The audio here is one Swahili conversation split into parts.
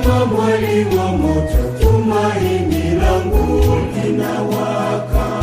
kama mwali wa moto, tumaini langu linawaka.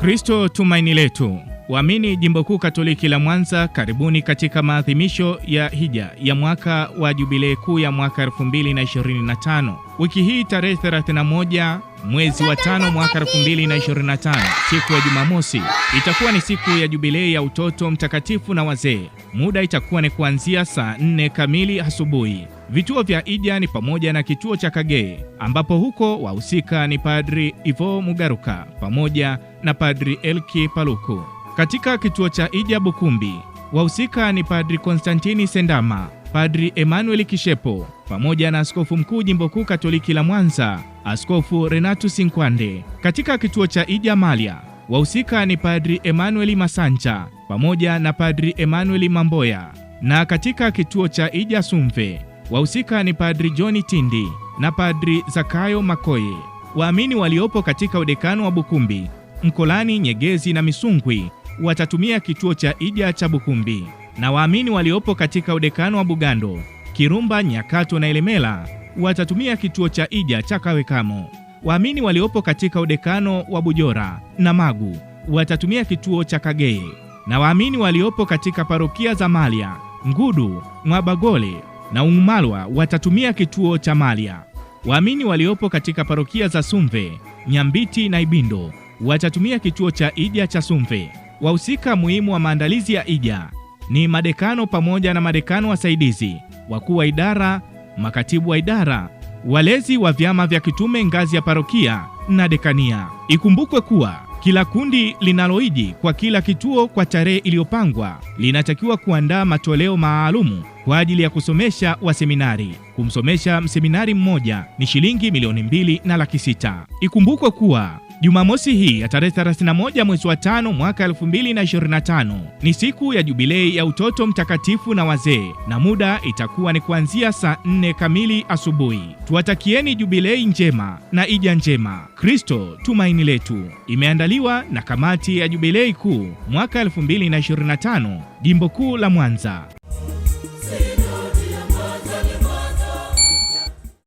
Kristo tumaini letu. Waamini Jimbo Kuu Katoliki la Mwanza, karibuni katika maadhimisho ya hija ya mwaka wa Jubilee Kuu ya mwaka 2025. Wiki hii tarehe 31 mwezi wa tano mwaka 2025, siku ya Jumamosi, itakuwa ni siku ya jubilei ya utoto mtakatifu na wazee. Muda itakuwa ni kuanzia saa nne kamili asubuhi. Vituo vya Ija ni pamoja na kituo cha Kagee, ambapo huko wahusika ni Padri Ivo Mugaruka pamoja na Padri Elki Paluku. Katika kituo cha Ija Bukumbi, wahusika ni Padri Konstantini Sendama Padri Emmanuel Kishepo pamoja na askofu mkuu jimbo kuu Katoliki la Mwanza, Askofu Renato Sinkwande. Katika kituo cha Ija Malia, wahusika ni Padri Emmanuel Masanja pamoja na Padri Emmanuel Mamboya, na katika kituo cha Ija Sumve, wahusika ni Padri John Tindi na Padri Zakayo Makoye. Waamini waliopo katika udekano wa Bukumbi, Mkolani, Nyegezi na Misungwi watatumia kituo cha Ija cha Bukumbi na waamini waliopo katika udekano wa Bugando, Kirumba, Nyakato na Ilemela watatumia kituo cha Ija cha Kawekamo. Waamini waliopo katika udekano wa Bujora na Magu watatumia kituo cha Kageye, na waamini waliopo katika parokia za Malya, Ngudu, Mwabagole na Ungumalwa watatumia kituo cha Malya. Waamini waliopo katika parokia za Sumve, Nyambiti na Ibindo watatumia kituo cha Ija cha Sumve. Wahusika muhimu wa maandalizi ya Ija ni madekano pamoja na madekano wasaidizi, wakuu wa idara, makatibu wa idara, walezi wa vyama vya kitume ngazi ya parokia na dekania. Ikumbukwe kuwa kila kundi linaloiji kwa kila kituo kwa tarehe iliyopangwa linatakiwa kuandaa matoleo maalumu kwa ajili ya kusomesha waseminari. Kumsomesha mseminari mmoja ni shilingi milioni mbili na laki sita. Ikumbukwe kuwa Jumamosi hii ya tarehe 31 mwezi wa 5 mwaka 2025 ni siku ya jubilei ya utoto mtakatifu na wazee, na muda itakuwa ni kuanzia saa 4 kamili asubuhi. Tuwatakieni jubilei njema na ija njema. Kristo tumaini letu imeandaliwa na kamati ya jubilei kuu mwaka 2025 jimbo kuu la Mwanza.